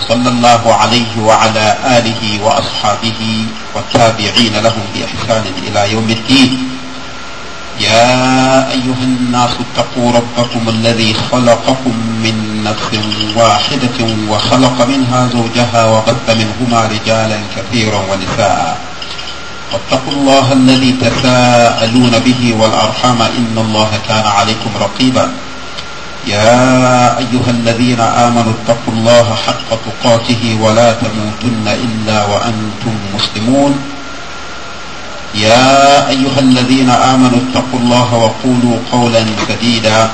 صلى الله عليه وعلى آله وأصحابه والتابعين لهم بإحسان إلى يوم الدين يا أيها الناس اتقوا ربكم الذي خلقكم من نفس واحدة وخلق منها زوجها وبث منهما رجالا كثيرا ونساء واتقوا الله الذي تساءلون به والأرحام إن الله كان عليكم رقيبا يا أيها الذين آمنوا اتقوا الله حق تقاته ولا تموتن إلا وأنتم مسلمون يا أيها الذين آمنوا اتقوا الله وقولوا قولا سديدا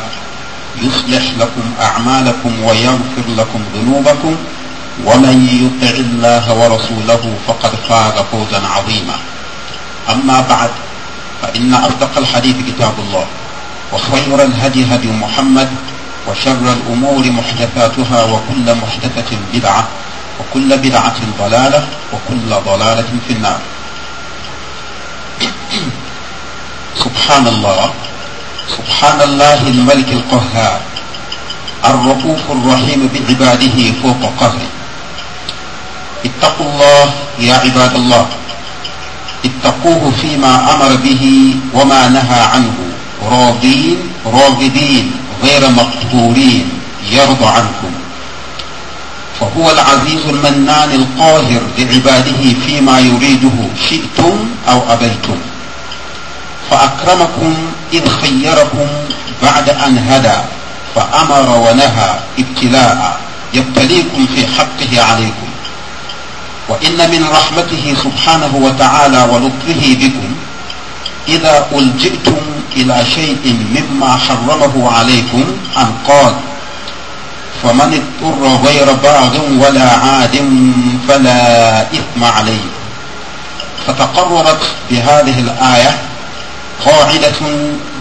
يصلح لكم أعمالكم ويغفر لكم ذنوبكم ومن يطع الله ورسوله فقد فاز فوزا عظيما أما بعد فإن أصدق الحديث كتاب الله وخير الهدي هدي محمد وشر الأمور محدثاتها وكل محدثة بدعة وكل بدعة ضلالة وكل ضلالة في النار سبحان الله سبحان الله الملك القهار الرؤوف الرحيم بعباده فوق قهره اتقوا الله يا عباد الله اتقوه فيما أمر به وما نهى عنه راضين راغبين غير مقتولين يرضى عنكم فهو العزيز المنان القاهر لعباده فيما يريده شئتم أو أبيتم فأكرمكم إذ خيركم بعد أن هدى فأمر ونهى ابتلاء يبتليكم في حقه عليكم وإن من رحمته سبحانه وتعالى ولطفه بكم إذا ألجئتم إلى شيء مما حرمه عليكم أن قال فمن اضطر غير باغ ولا عاد فلا إثم عليه فتقررت بهذه الآية قاعدة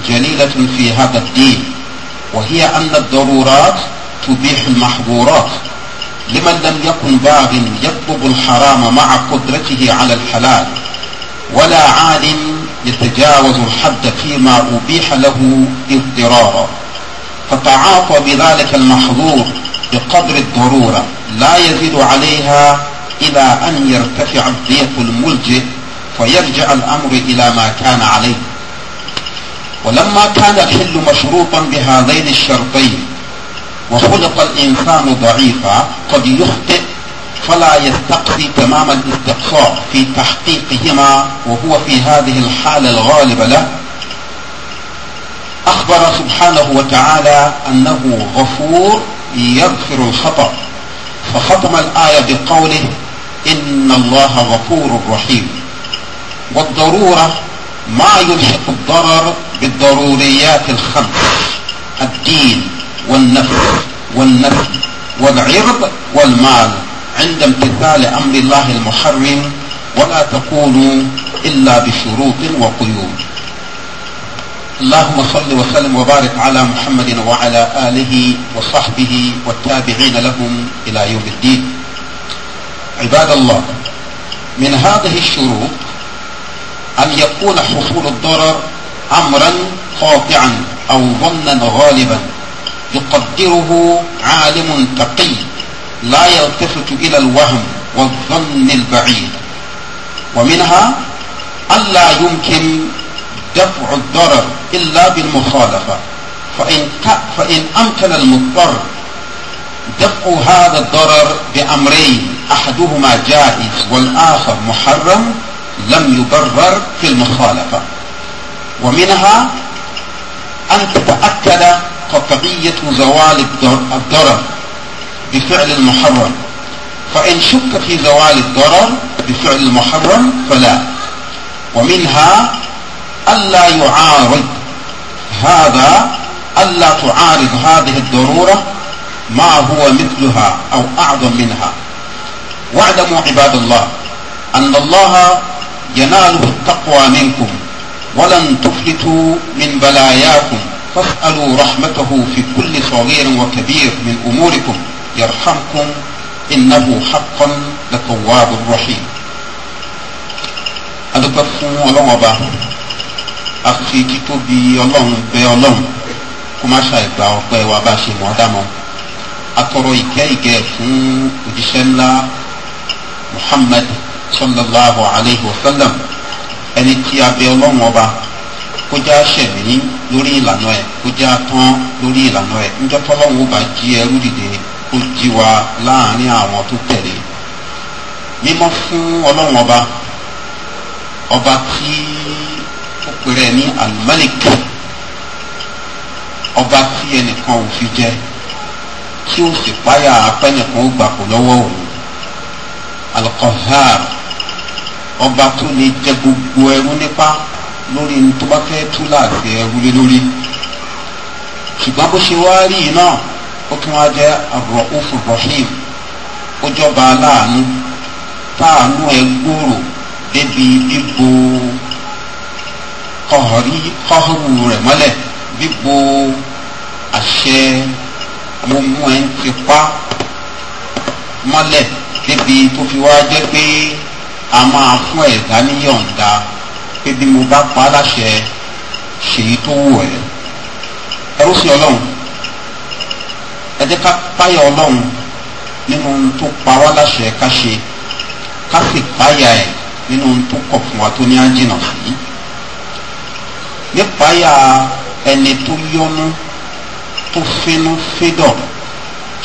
جليلة في هذا الدين وهي أن الضرورات تبيح المحظورات لمن لم يكن باغ يطلب الحرام مع قدرته على الحلال ولا عاد يتجاوز الحد فيما أبيح له اضطرارا فتعاطى بذلك المحظور بقدر الضرورة لا يزيد عليها إلى أن يرتفع الضيق الملجئ فيرجع الأمر إلى ما كان عليه ولما كان الحل مشروطا بهذين الشرطين وخلق الإنسان ضعيفا قد يخطئ فلا يستقصي تمام الاستقصاء في تحقيقهما وهو في هذه الحالة الغالبة له أخبر سبحانه وتعالى أنه غفور يغفر الخطأ فختم الآية بقوله إن الله غفور رحيم والضرورة ما يلحق الضرر بالضروريات الخمس الدين والنفس والنفس والعرض والمال عند امتثال أمر الله المحرم ولا تقولوا إلا بشروط وقيود اللهم صل وسلم وبارك على محمد وعلى آله وصحبه والتابعين لهم إلى يوم الدين عباد الله من هذه الشروط أن يكون حصول الضرر أمرا قاطعا أو ظنا غالبا يقدره عالم تقي لا يلتفت إلى الوهم والظن البعيد ومنها ألا يمكن دفع الضرر إلا بالمخالفة فإن, فإن أمكن المضطر دفع هذا الضرر بأمرين أحدهما جائز والآخر محرم لم يبرر في المخالفة ومنها أن تتأكد قطعية زوال الضرر بفعل المحرم فإن شك في زوال الضرر بفعل المحرم فلا ومنها ألا يعارض هذا ألا تعارض هذه الضرورة ما هو مثلها أو أعظم منها واعلموا عباد الله أن الله يناله التقوى منكم ولن تفلتوا من بلاياكم فاسألوا رحمته في كل صغير وكبير من أموركم يرحمكم إنه حقا لتواب رحيم adúpẹ́ fún ọlọ́run ọba àfi títóbi ọlọ́run bẹ̀ ọlọ́run kó má ṣàì gba ọpẹ́ wa bá ṣe mọ́ dámọ́ atọrọ ìkẹ́ ìkẹ́ fún òjíṣẹ́ ńlá Muhammad sallallahu alayhi wa sallam ẹni tí a bẹ̀ ọlọ́run ọba kó já ṣẹ̀mí lórí ìlànà ẹ̀ kó já tán lórí ìlànà ẹ̀ ń jẹ́ tọ́lọ́run ó bá jí ẹrú dìde kó jí wa láàrin àwọn tó tẹ̀lé mímọ́ fún ọlọ́run ọba ọba tí ó pèrè ní alimalik ọba tí ẹnìkan ò fi jẹ tí ó sì páyà apẹ́nìkan ó gbà kó lọ́wọ́ òun alqahar ọba tó lè jẹ gbogbo ẹrú nípa lórí ní tó bá fẹ́ tú láti ẹrú lé lórí ṣùgbọ́n bó ṣe wá rí i ó tún wá jẹ́ àbúrọ̀kúfù rahim ó jọba aláàánú táàánú ẹ gbòòrò débi bíbo kọ̀hórí kọ́hórù rẹ̀ mọ́lẹ̀ bíbo àṣẹ mo mú ẹ ń tipa mọ́lẹ̀ débi tó fi wá jẹ́ pé a máa fún ẹ̀dá níyọ̀ǹda pé bí mo bá pa á láṣẹ ṣèyí tó wù ẹ́ ẹrú sí ọlọ́run ẹ jẹ́ ká páyà ọlọ́run nínú ohun tó pa wá láṣẹ ká ṣe ká sì páyà ẹ̀ nínú ohun tó kọ̀ fún wa tó ní ájìnà sí. nípáyà ẹni tó yọnu tó finú fídọ̀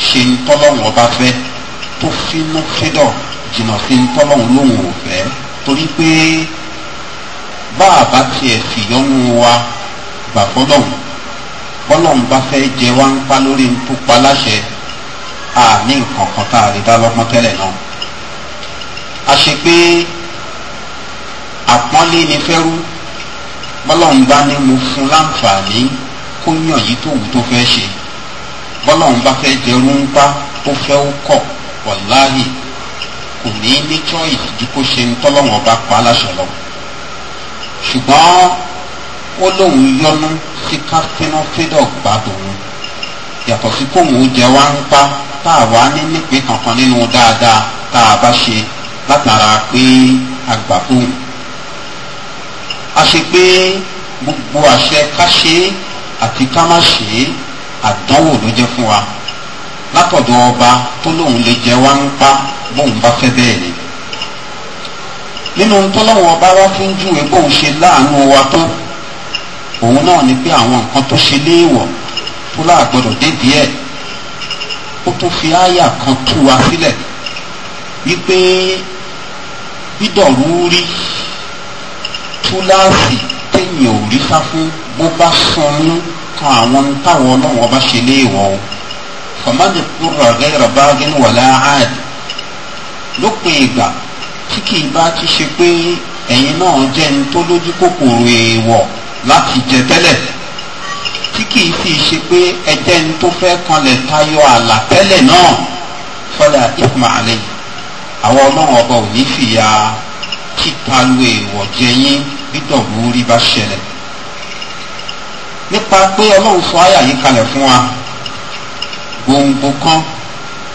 ṣe ń tọ́lọ́run ọba fẹ́ tó finú fídọ̀ jìnnà sí ń tọ́lọ́run lóhùn òfẹ́ torí pé bá a bá tiẹ̀ fìyọ́nú wa gbàgbọ́ lọ́hùn bọ́lọ́n bá fẹ́ jẹ wá ń pa lórí tó pa láṣẹ àní nǹkan kan tá a lè dá lọ́gbọ́n tẹ́lẹ̀ náà. a ṣe pé àpọ́nlé ni fẹ́rú bọ́lọ́n bá ní mo fún láǹfààní kó yàn yìí tó wù tó fẹ́ ṣe bọ́lọ́n bá fẹ́ jẹrú ń pa tó fẹ́ ó kọ̀ wọ̀láhì kò ní ní choice ju kó ṣe ń tọ́lọ́wọ́n bá pa láṣẹ lọ. ṣùgbọ́n ó lóun yọnu sí káfínà fídọ̀ gbà tòun yàtọ̀ sí kóun jẹ wá ń pa tá a wá ní nípìn kankan nínú dáadáa tá a bá ṣe látara pé a gbà fóun a ṣe pé gbogbo àṣẹ ká ṣe àti ká má ṣe àdánwò ló jẹ́ fún wa látọ̀dọ̀ ọba tó lóun lè jẹ wá ń pa bóun bá fẹ́ bẹ́ẹ̀ ni nínú tọ́lọ́wọ́n ọba wá fún júwe bóun ṣe láàánú wa tó òun náà ni pé àwọn nǹkan tó ṣe léèwọ̀ tó láàgbọ́dọ̀ débi ẹ̀ ó tún fi àyà kan tú wa sílẹ̀ wípé bídọ̀rú rí túláàsì téèyàn ò rí sá fún bó bá sanú ka àwọn táwọn ọlọ́run ọba ṣe léèwọ̀ o fàmádì kúrò gẹ́rẹ́ bá gẹ́nu wà láàád lópin ìgbà tí kì í bá ti ṣe pé ẹ̀yin náà jẹ́ ẹni tó lójú kòkòrò èèwọ̀. E láti jẹ tẹ́lẹ̀ tí kìí fi ṣe pé ẹjẹ́ ń tó fẹ́ kanlẹ̀ tayọ àlà tẹ́lẹ̀ náà fọlá ìfúnmá àlẹ́ àwọn ọlọ́run ọba ò ní fìyà títalu èèwọ̀ jẹ yín bí dọ̀búrí bá ṣẹlẹ̀ nípa pé ọlọ́run sọ àyà yìí kalẹ̀ fún wa gbòǹgbò kan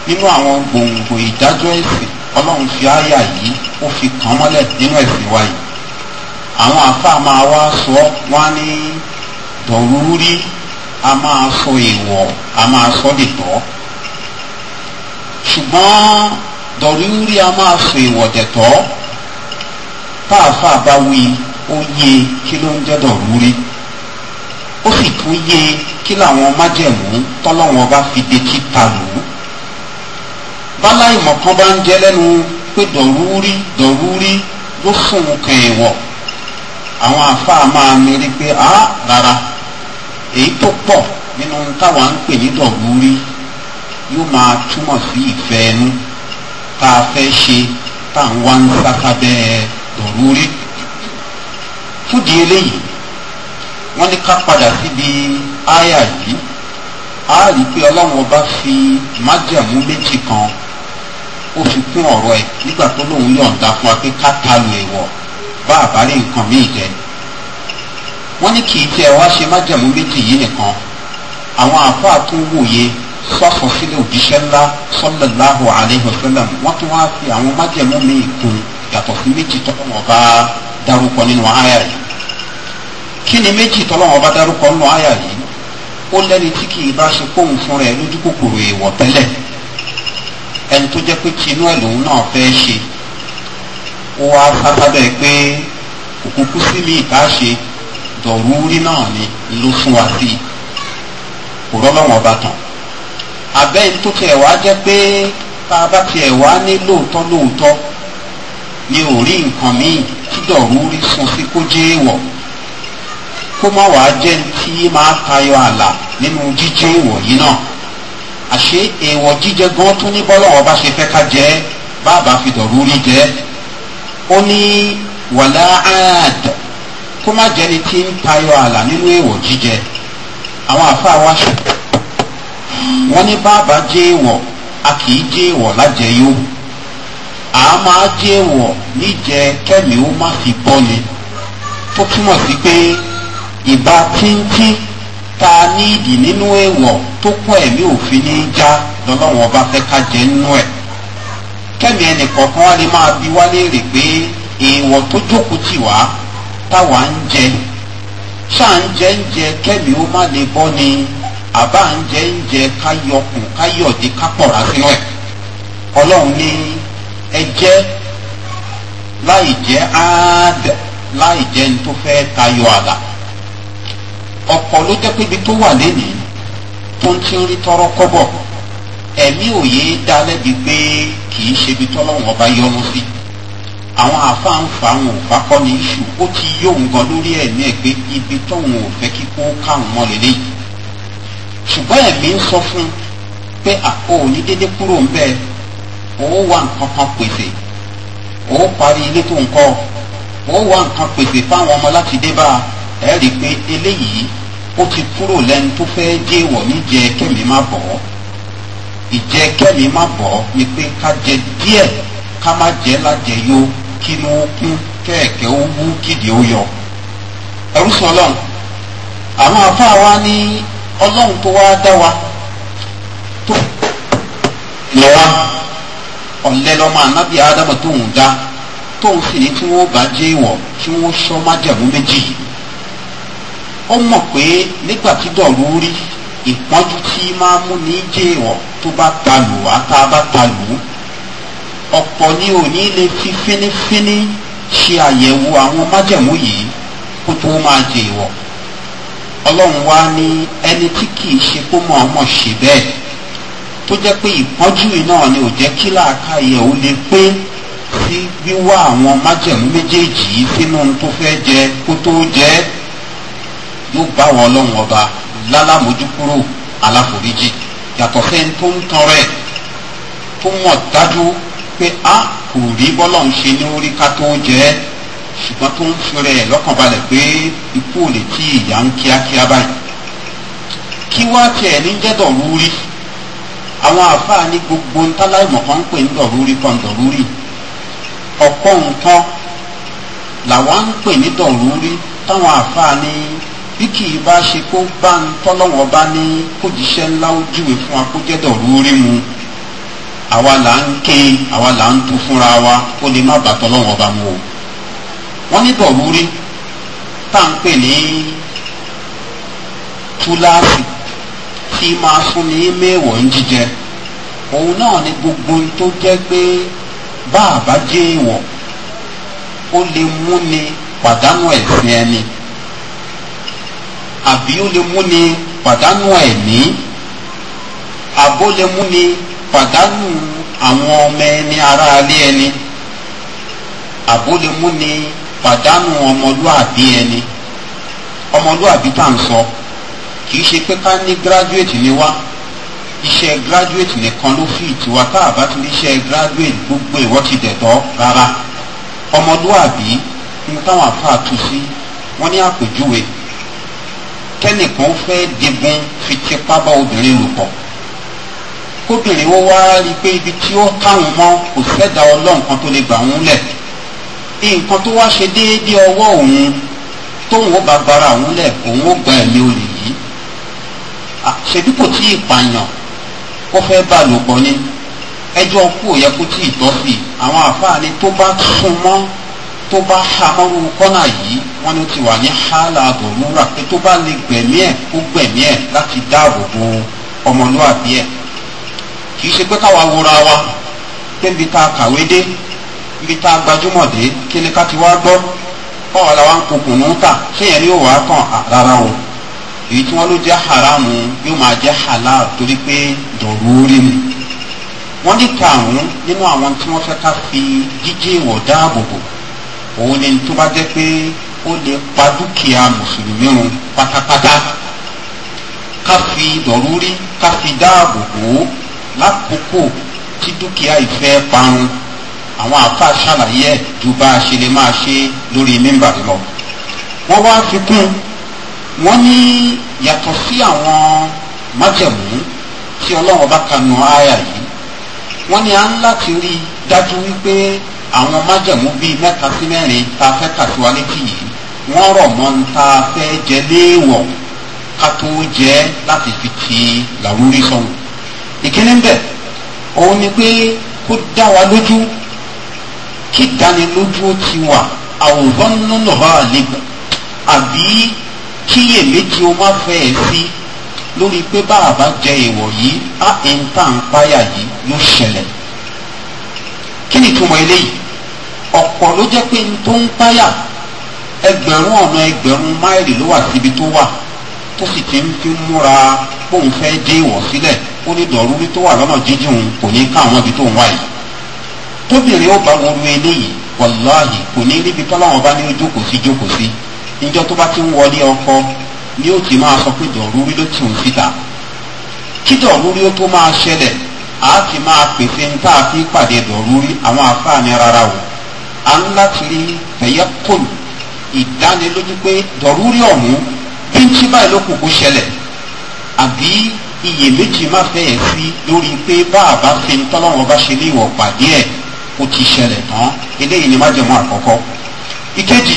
nínú àwọn gbòǹgbò ìdájọ́ ẹ̀sìn ọlọ́run fi àyà yìí ó fi kàn mọ́lẹ̀ nínú ẹ̀sìn wa yìí àwọn àfa máa wá sọ wọn ní dọ̀rúrí a máa sọ èèwọ̀ a máa sọ dìtọ́ ṣùgbọ́n dọ̀rúrí a máa sọ èèwọ̀ dẹ̀tọ́ táàfà bá wí ó yé kí ló ń jẹ́ dọ̀rúrí ó sì tún yé kí làwọn májẹ̀mú tọ́lọ́wọ́n bá fi de títa lù ú báláìmọ̀ kan bá ń jẹ́ lẹ́nu pé dọ̀rúrí dọ̀rúrí ló fún un kàn èèwọ̀ àwọn àfáà máa mi rí pé á rárá èyí tó pọ̀ nínú táwa ń pè ní dọ̀gbúrí yóò máa túmọ̀ sí ìfẹ́ ẹnu tá a fẹ́ ṣe tá à ń wá ń sákábẹ́ dọ̀rúrí fúdi eléyìí wọ́n ní ká padà síbi áyà yìí á rí i pé ọlọ́run ọba fi májàmú méjì kan ó fi kún ọ̀rọ̀ ẹ̀ nígbà tó lóun yọ̀ǹda fún wa pé ká ta lu bá àbárí nǹkan míì jẹ wọ́n ní kì í tẹ wá ṣe májàmú méjì yìí nìkan àwọn àfáà tó wòye sọ́fọ̀sílẹ̀ òjíṣẹ́ ńlá sallallahu alaihi wasallam wọ́n tún wá fi àwọn májàmú míì kún yàtọ̀ sí méjì tọ́lọ́wọ́ bá dárúkọ nínú àyà yìí kí ni méjì tọ́lọ́wọ́ bá dárúkọ nínú àyà yìí ó lẹ́ni tí kì í bá ṣe kóhùn fún rẹ̀ lójú kòkòrò èèwọ̀ tẹ́lẹ̀ ẹni tó jẹ́ pé tinú ẹ̀ lòun náà fẹ́ ṣe ó wá kábẹ́ pé òkúkú sí mi ìbáṣe dọ̀rúurí náà ni ló fún wa sí kò rọ́lọ́wọ́n bá tán abẹ́ tó tiẹ̀ wá jẹ́ pé tá a bá tiẹ̀ wá ní lóòótọ́ lóòótọ́ ni ò rí nǹkan míì tí dọ̀rúurí sun sí kó jẹ́ èèwọ̀ kó má wàá jẹ́ tí máa tayọ àlà nínú jíjẹ́ èèwọ̀ yìí náà àṣé èèwọ̀ jíjẹ gan tún ní bọ́lọ́wọ́ bá ṣe fẹ́ ká jẹ́ bá a bá fi dọ̀rúurí jẹ́ ó ní wàlá ààd kó má jẹni tí ń tayọ àlà nínú èèwọ̀ jíjẹ àwọn àfáà wá ṣe wọ́n ní bàbá jẹ́ èèwọ̀ a kì í jẹ́ èèwọ̀ a máa jẹ́ èèwọ̀ níjẹ kẹ́mi ó má fi ni tó túmọ̀ sí pé ìbá tíntín ta nídìí nínú tó ẹ̀mí òfin ní í já lọ́lọ́wọ́ bá fẹ́ nínú ẹ̀. kẹ́mi ẹnì kọ̀ọ̀kan wá lè máa bi wá léèrè pé èèwọ̀ tó jókòó tì wá táwa ń jẹ ṣáà ń jẹ ń jẹ kẹ́mi ó má lè bọ́ ni àbá ń jẹ ń jẹ káyọkùn káyọ̀dé kápọ̀rá sínú ẹ̀ ọlọ́run ní ẹ jẹ́ láì jẹ́ áádẹ́ láì jẹ́ ní tó fẹ́ tayọ àlà ọ̀pọ̀ ló jẹ́ pé ibi tó wà lénìí tó ń ti ń rí tọrọ kọ́bọ̀ ẹ̀mí òye dá lẹ́bi pé kì í ṣebi tọ́lọ́wọ́n ọba yọnu sí àwọn àfáǹfà àwọn òfà kọ́ ní iṣu ó ti yóhun gan lórí ẹ̀mí ẹ̀ pé ibi tóun ò fẹ́ kíkó káwọn mọ́ lélẹ́ yìí ṣùgbọ́n ẹ̀mí ń sọ fún un pé àpò òní dédé kúrò ń bẹ́ẹ̀ ó wà nǹkan kan pèsè ó parí ilé tó ń kọ́ ó wà nǹkan pèsè fáwọn ọmọ láti dé bá ẹ rí i pé eléyìí ó ti kúrò lẹ́nu tó fẹ́ dé ìwọ̀ níjẹ kẹ́mi má bọ̀ ọ́ ìjẹ́ kẹ́mi má bọ̀ ni pé ká jẹ díẹ̀ ká má jẹ́ lájẹyó kí ni kún kẹ́ẹ̀kẹ́ ó wú kídìí ó yọ. ẹrú sọ ọlọ́run àwọn afáà wa ní ọlọ́run tó wá dá wa tó lọ wá ọ̀lẹ́ lọ́mọ anábì ádámù tó ń dá tóun sì ní tí wọ́n bá jẹ́ ìwọ̀ tí wọ́n sọ májàmú méjì ó mọ̀ pé nígbà tí dọ̀rú rí ìpọ́njú tí máa mú ní jẹ́wọ̀ tó bá ta lù wá tá a bá ta lù ú ọ̀pọ̀ ni ò ní lè fi fínífíní ṣe àyẹ̀wò àwọn májẹ̀mú yìí kó tó máa jẹ́wọ̀ ọlọ́run wá ní ẹni tí kì í ṣe kó mọ̀ ọmọ ṣe bẹ́ẹ̀ tó jẹ́ pé ìpọ́njú yìí náà ni ò jẹ́ kí làákà yẹ̀ lè pé sí wíwá àwọn májẹ̀mú méjèèjì yìí sínú tó fẹ́ jẹ kó tó jẹ yóò bá wọn ọlọ́run ọba lálàmójúkúrò aláforíjì yàtọ̀ fẹ́ tó ń tọrọ ẹ̀ tó mọ̀ dájú pé a kò rí bọ́lọ̀ ń ṣe ní orí ká tó jẹ́ ẹ́ ṣùgbọ́n tó ń fẹ́rẹ̀ ẹ̀ lọ́kàn balẹ̀ pé ikú ò lè tí ìyá ń kíákíá báyìí kí wá tiẹ̀ ní jẹ́ dọ̀rúurí àwọn àfáà ní gbogbo ntálàìmọ̀ kan ń pè ní dọ̀rúurí kan dọ̀rúurí ọ̀pọ̀ nǹkan làwọn ń pè ní dọ̀rúurí táwọn àfáà ní. bí kì í bá ṣe kó bá ń tọ́lọ́wọ́ bá ní kó jíṣẹ́ ńlá ó júwe fún wa kó jẹ́ dọ̀rú orí mu àwa là ń ké àwa là ń tu fúnra wa ó lè má bàa tọ́lọ́wọ́n bá mu o wọ́n ní dọ̀rú rí tá à ń pè ní túláàsì tí máa fún ní méèwọ̀ ń jíjẹ òun náà ni gbogbo tó jẹ́ pé bá a bá jẹ́ èèwọ̀ ó lè mú ni pàdánù ẹ̀sìn ẹni. àbí ó lè mú ni pàdánù ẹ̀mí àbó lè mú ni pàdánù àwọn ọmọ ẹni ará alé ẹni àbó lè mú ni pàdánù ọmọlúàbí ẹni ọmọlúàbí tá à ń sọ kì ṣe pé ká ní graduate ni wá iṣẹ́ graduate nìkan ló fi ìtura tá a ní iṣẹ́ graduate gbogbo ìwọ́ ti dẹ̀tọ́ rárá ọmọlúàbí ní táwọn àfáà tu sí wọ́n ní àpèjúwe kẹ́nìkan fẹ́ digun fi tipa bá obìnrin lò pọ̀ kóbìnrin wo wá rí i pé ibi tí ó káwọn mọ́ kò sẹ́dá ọlọ́run kan tó lè gbà wọ́n lẹ̀ nǹkan tó wá ṣe déédéé ọwọ́ òun tóun ó bá gbára òun lẹ̀ òun ó gba ẹ̀mí olè yìí ṣebí kò tí ì pààyàn ó fẹ́ bá lò pọ̀ ni ẹjọ́ kú ò yẹ kó tí ì tọ́ sí àwọn àfáàní tó bá sún mọ́ tó bá hamọ́rú kọ́nà yìí wọ́n ní ti wà ní hálà dòmúrà pé tó bá lè gbẹ̀mí ẹ̀ kó gbẹ̀mí ẹ̀ láti dáàbò bo ọmọlúwàbí ẹ̀ kì í ṣe pé káwa wora wa pé níbi tá a kàwé dé níbi tá a gbajúmọ̀ dé kí ni ká ti wá gbọ́ báwa la wá ń kokùn ní ta séèyàn ni yóò wá kàn rárá o èyí tí wọ́n ló jẹ́ haramu yóò máa jẹ́ halal torí pé dọ̀rúurí ni wọ́n ní karùn-ún nínú àwọn tí wọ́n fẹ́ ká fi jíjẹ́ ìwọ̀ dáàbò bò òun ni tó bá jẹ́ pé ó lè pa dúkìá mùsùlùmí run pátápátá ká fi dọ̀rúrí ká fi dáàbò bò ó lákòókò tí dúkìá ìfẹ́ parun àwọn àáfàá ṣàlàyé ju bá a ṣe lè máa ṣe lórí mímbà lọ wọ́n wá fi kún wọ́n ní yàtọ̀ sí àwọn májẹ̀mú tí ọlọ́run bá kanu àyà yìí wọ́n ní à ń láti rí i dájú wípé àwọn májẹ̀mú bíi mẹ́ta sí mẹ́rin tá a fẹ́ kà sí wa yìí wọ́n rọ̀ mọ́ ń ta fẹ́ jẹ léèwọ̀ ká tó jẹ láti fi ti làwúrí sọ̀hún. ìkíní bẹ̀ òun ni pé kó dá wa lójú kí dánilójú ó ti wà àwòrán nínú ha àlebù àbí kíyèméjì ó má fẹ́ ẹ̀ sí lórí pé bá a bá jẹ èèwọ̀ yìí á ẹ̀ ń tà ń páyà yìí ló ṣẹlẹ̀ kí ni ìtumọ̀ eléyìí ọ̀pọ̀ ló jẹ́ pé n tó ń páyà ẹgbẹ̀rún ọ̀nà ẹgbẹ̀rún máìlì ló wà síbi tó wà tó sì ti ń fi múra bóun fẹ́ dé ìwọ̀ sílẹ̀ ó ní dọ̀rúrí tó wà lọ́nà jíjìn kò ní ká àwọn ibi tó ń wá yìí tóbìnrin ó bá wọn ru eléyìí wàláhì kò ní níbi tọ́láwọn bá ní ó jókòó sí jókòó sí níjọ́ tó bá ti ń wọlé ọkọ ni ó ti máa sọ pé dọ̀rúrí ló ti ń síta kí dọ̀rúrí ó tó máa ṣẹlẹ̀ a ti máa pèsè ní tá a fi pàdé dọ̀rúrí àwọn afáàní rárá o à ń láti rí fẹ̀yẹ́ kòlù ìdánilójú pé dọ̀rúrí ọ̀hún bí ń tí báyìí ló kù kó ṣẹlẹ̀ àbí iyèméjì má fẹ́ẹ̀ sí lórí pé báàbá fi ń tọ́lọ́wọ́n bá ṣe léèwọ̀ pàdé ẹ̀ kó ti ṣẹlẹ̀ tán eléyìí ni májẹ̀mú àkọ́kọ́ ìkejì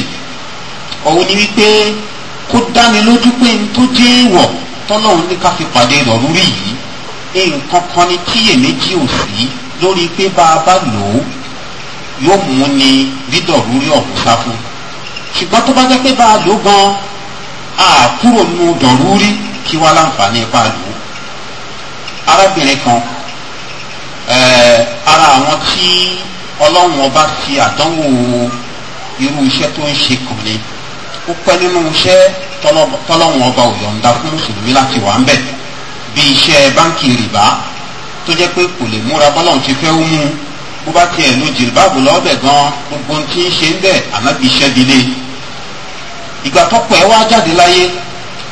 òun ni wípé kó dánilójú pé ń tó jẹ́ èèwọ̀ tọ́lọ́run ní ká fi pàdé dọ̀rúrí yìí nǹkan kan ni tíyèméjì ò sí lórí pé bá lò ó yóò mú ni bí ọ̀hún sá fún un ṣùgbọ́n tó bá jẹ́ pé bá a lò gan a kúrò nínú dọ̀rúrí kí wá láǹfààní bá a lò arábìnrin kan ara àwọn tí ọlọ́run ọba fi àdánwò irú iṣẹ́ tó ń ṣe kàn ní ó pẹ́ nínú iṣẹ́ tọ́lọ́run ọba ò yọ̀ǹda fún mùsùlùmí láti wà ń bẹ̀ bí iṣẹ́ báńkì rìbá tó jẹ́ pé kò lè múra bọ́lọ́run ti fẹ́ mú bó bá tiẹ̀ lo jìlbáàbù lọ́ọ́bẹ̀ gan gbogbo tí ń ṣe ń bẹ̀ ànábi iṣẹ́ dilé ìgbà tọ́pọ̀ ẹ̀ wá jáde láyé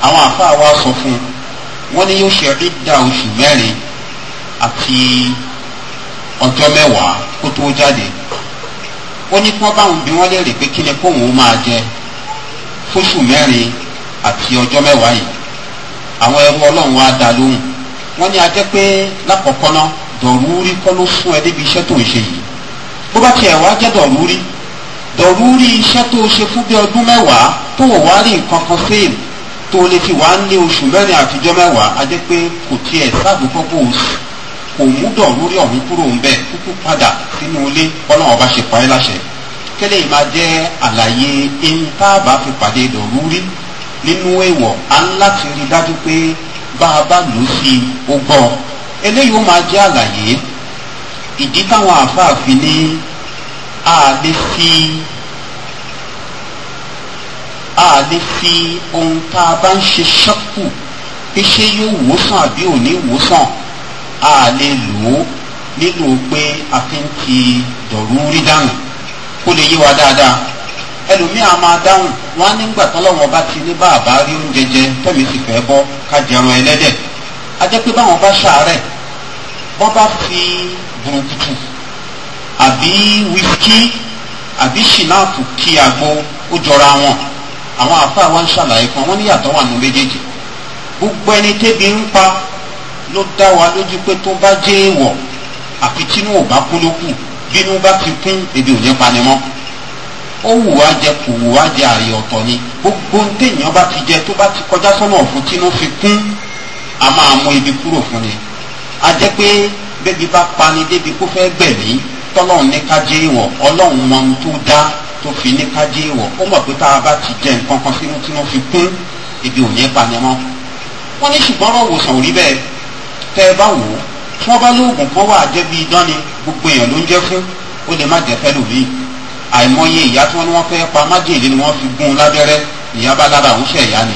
àwọn àfa wa sọ fún wọn ni yóò ṣe ìdá oṣù mẹ́rin àti ọjọ́ mẹ́wàá kó tó jáde ó ní kí báwọn bí wọ́n léèrè pé kí ni kóun máa jẹ fóṣù mẹ́rin àti ọjọ́ mẹ́wàá yìí àwọn ẹrú ọlọ́run wa dá lóhùn wọ́n ní a jẹ́ pé lákọ̀ọ́kọ́ náà dọ̀rúurí kọ́ ló fún ẹ débi iṣẹ́ tó ń ṣe yìí bó bá tiẹ̀ wá jẹ́ dọ̀rúurí dọ̀rúrí iṣẹ́ tó ṣe fún bí ọdún mẹ́wàá tó wọ̀ wá rí nǹkan kan fèèlì tó lè fi wá ní oṣù mẹ́rin àtijọ́ mẹ́wàá á jẹ́ pé kò tiẹ̀ sáàbù kọ́kọ́ oṣù kò mú dọ̀rúrí ọ̀hún kúrò ń bẹ̀ kúkú padà sínú ilé ọlọ́run ọba ṣe pa ẹ́ láṣẹ kẹ́lẹ́ yìí máa jẹ́ àlàyé eyín tá a bá fi pàdé dọ̀rúrí nínú èèwọ̀ á ń láti rí dájú pé bá a bá lù sí i ó gbọ́ eléyìí ó máa jẹ́ àlàyé ìdí táwọn àáfàá fi ní àlè fi àlè fi ohun tá a bá ń ṣe ṣọ́kù pé ṣé yóò wòsàn àbí ò ní wòsàn àlè lò ó nílò pé a fi ń ti dọ̀rú rí dànù kó lè yé wa dáadáa ẹlòmíà máa dáhùn wọn á nígbà tọ́lọ́wọ́n bá ti ní bàbá rí oúnjẹ jẹ tẹ̀mí sì fẹ́ bọ́ ká jẹun ẹlẹ́dẹ̀ a jẹ́ pé báwọn bá ṣàárẹ̀ wọ́n bá fi burúkutu àbí wíṣkì àbí ṣìnáàpù kí àgbo ó jọra wọn àwọn àfáà wa ń ṣàlàyé kan wọ́n níyàtọ̀ wà nù méjèèjì gbogbo ẹni tébi ń pa ló dá wa lójú pé tó bá jẹ́ èèwọ̀ àfi tínú ò bá kú ló kù bínú bá ti kún ebi ò ní pani mọ́ ó wù wá jẹ kò wù wá jẹ àyè ọ̀tọ̀ ni gbogbo téèyàn bá ti jẹ tó bá ti kọjá sọ́nà ọ̀fun tínú fi kún a máa mú ebi kúrò fún ni a jẹ́ pé bébí bá pani débi kó fẹ́ gbẹ̀mí tọ́lọ́run ní ká jẹ́ ìwọ̀ ọlọ́run mọ ohun tó dá tó fi ní ká jẹ́ ìwọ̀ ó mọ̀ pé tá a bá ti jẹ nǹkan kan sínú tí wọ́n fi kún ebi ò ní pani mọ́ wọ́n ní ṣùgbọ́n ọ̀rọ̀ òwòsàn ò rí bẹ́ẹ̀ tẹ́ ẹ bá wò ó tí wọ́n bá lóògùn kan wà jẹ́ bí idán ni gbogbo èèyàn ló ń jẹ́ fún ó lè má jẹ́ fẹ́ lòmíì àìmọye ìyá tí wọ́n ní wọ́n fẹ́ pa májèlé ni wọ́n fi gún un lábẹ́rẹ́ ìyá bá lára òun ṣẹ̀ ìyá ni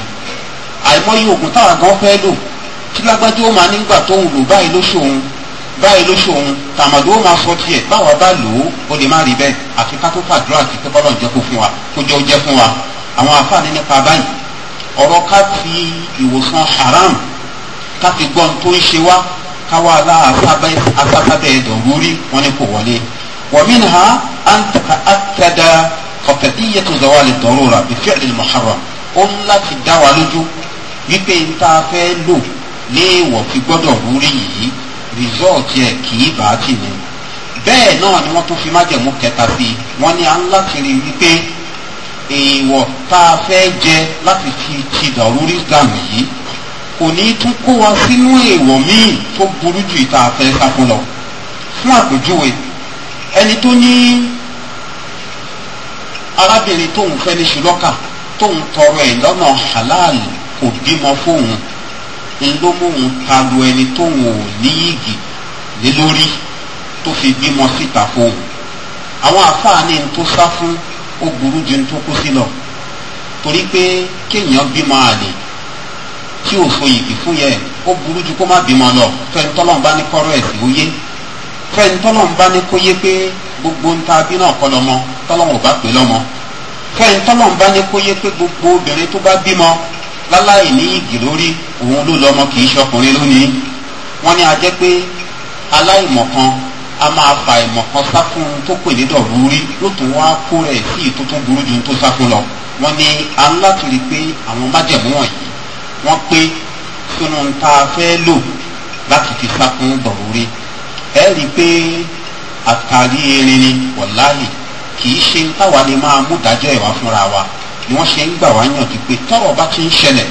àìmọye oògùn táwa gan fẹ́ lò tí lágbájú ó máa nígbà tóun lò báyìí lóṣù òun báyìí ló ṣòun tàmàdó máa sọ tiẹ̀ báwa bá lò ó ó lè má rí bẹ́ẹ̀ àfi ká tó fàdúrà àti pé bọ́lọ̀ jẹ́ kó fún wa kó jẹ́ ó jẹ́ fún wa àwọn àfààní nípa báyìí ọ̀rọ̀ ká fi ìwòsàn haram ká fi gbọ́n tó ń ṣe wá ká wá lá afábábẹ́ ẹ̀dọ̀rú rí wọn ni kò wọlé wọ̀mín ha an taka tó zọwọ́ àlè dọ̀rọ̀ rà bí fẹ́ẹ̀lì muharram ó ń láti dá wa lójú wípé n ta fẹ́ lò léèwọ̀ fi gbọ́dọ̀ rú yìí result yẹ kì í bàá tì ní bẹ́ẹ̀ náà ni wọ́n tún fi májẹ̀mú kẹta sí i wọ́n ní à ń láti rí wípé èèwọ̀ tá a fẹ́ jẹ láti fi ti dàrúrí dànù yìí kò ní tún kó wa sínú èèwọ̀ míì tó burú ju ìta àfẹ́ sáfún lọ fún àpèjúwe ẹni tó ní arábìnrin tóun fẹ́ ní ṣùlọ́kà tóun tọrọ ẹ̀ lọ́nà halal kò bímọ fóun ń ló móhun talo ẹni tóun ò ní yìgì lé lórí tó fi bímọ síta fóun àwọn àfáàní tó sá fún ó burú ju tó kú sí lọ torí pé kéèyàn bímọ àlè tí ò so yìgì fún yẹ ó burú ju kó má bímọ lọ fẹ́ni tọ́lọ́n bá ní kọ́rọ́ ẹ̀ sí ó yé tọ́lọ́n bá ní kó yé pé gbogbo ń ta bí náà kọ́ lọ́mọ tọ́lọ́n ò bá pè lọ́mọ fẹ́ni tọ́lọ́n bá ní kó yé pé gbogbo obìnrin tó bá bímọ láláì ní igi lórí òun ló lọ́mọ kì í ṣọkùnrin lónìí wọ́n ní a jẹ́ pé aláìmọ̀kan a máa fa ìmọ̀kan sákún tó pè ní dọ̀rú rí yóò tún wá kó rẹ̀ sí ètò tó burú ju tó sákún lọ wọ́n ní alátìrí pé àwọn májẹ̀mú wọ̀nyí wọ́n pé sínú tá fẹ́ lò láti fi sákún dọ̀rú rí ẹ rí i pé àtàrí erin ni wọ̀láyì kì í ṣe táwa lè máa mú dájọ́ ìwà fúnra wa ni wọ́n ṣe ń gbà wá yànjú pé tọ́rọ̀ bá ti ń ṣẹlẹ̀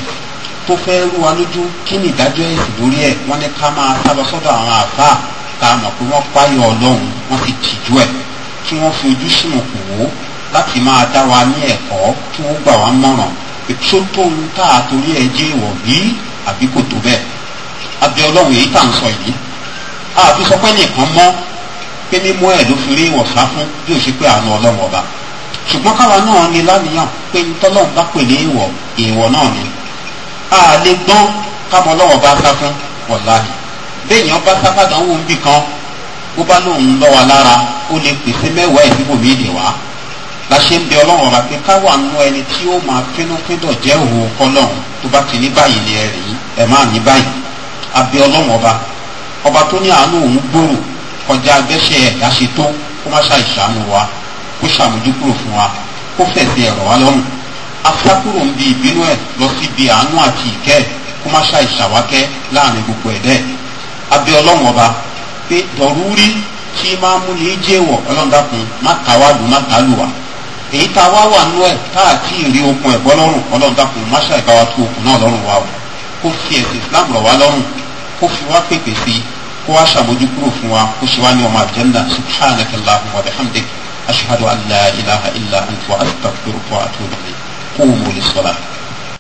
tó fẹ́ rú wa lójú kí ni ìdájọ́ ẹ̀sìn lórí ẹ̀ wọ́n ní ká máa sábà sọ́dọ̀ àwọn àfáà tá a mọ̀ pé wọ́n páyọ̀ ọlọ́run wọ́n ti tìjú ẹ̀ kí wọ́n fi ojú sùnùkùn wò ó láti máa dá wa ní ẹ̀kọ́ kí wọ́n gbà wá mọ̀ràn ètò tó ń tà torí ẹ̀ jẹ́ ìwọ̀ bí àbí kò tó bẹ́ẹ̀ abẹ́ ọlọ́run èyí tà ń sọ yìí àfi sọ pé nìkan mọ́ pé mímú ẹ̀ ló fi rí ìwọ̀sá fún bí ò ṣe pé àánú ọlọ́run ọba ṣùgbọ́n káwa náà ní lánìyàn pé tọ́lọ́run bá pè ní ìwọ̀ ìwọ̀ náà ni a lè gbọ́n káwọn ọlọ́wọ́ bá sá fún wọ̀láhì béèyàn bá sá fàdánwò ń bì kan bó bá lóun lọ́ wa lára ó lè pèsè mẹ́wàá ìdíbò mi lè wá la ṣe ń bẹ ọlọ́run ọ̀rá pé káwa nú ẹni tí ó máa fínúfíndọ̀ jẹ́ òwò kọlọ́run tó bá ti ní báyìí ni ẹ rí ẹ máa ní báyìí abẹ ọlọ́run ọba ọba tó ní àánú òun gbòòrò kọjá abẹ́ṣẹ́ ẹ̀dá ṣe tó kó má ṣàìṣàánú wa kó ṣàmójúkúrò fún wa kó fẹ̀sìn ẹ̀rọ̀ wa lọ́rùn afẹ́kúrò ń bi ìbínú ẹ̀ lọ sí ibi àánú àti ìkẹ́ ẹ̀ kó má ṣàì ṣàwákẹ́ láàrin gbogbo ẹ̀dẹ́ abẹ́ ọlọ́run ọba pé dọ̀rúrí tí máa mú ní jẹ́wọ̀ ọlọ́run dákun má ta wá lù má ta lù wá èyí tá a wá wà nú ẹ̀ tá a ti rí okun ẹ̀gbọ́ lọ́rùn ọlọ́run dákun má ṣàì bá tó okun náà lọ́rùn wa o kó fi ẹ̀sìn Islam rọ̀ wá lọ́rùn kó fi wá pèpè sí i kó wá ṣàmójúkúrò fún wa kó ṣe wá ní ọmọ àjẹ́ńdà subhanakallahumma wa bihamdik أشهد أن لا إله إلا أنت وأستغفرك وأتوب إليك قوموا للصلاة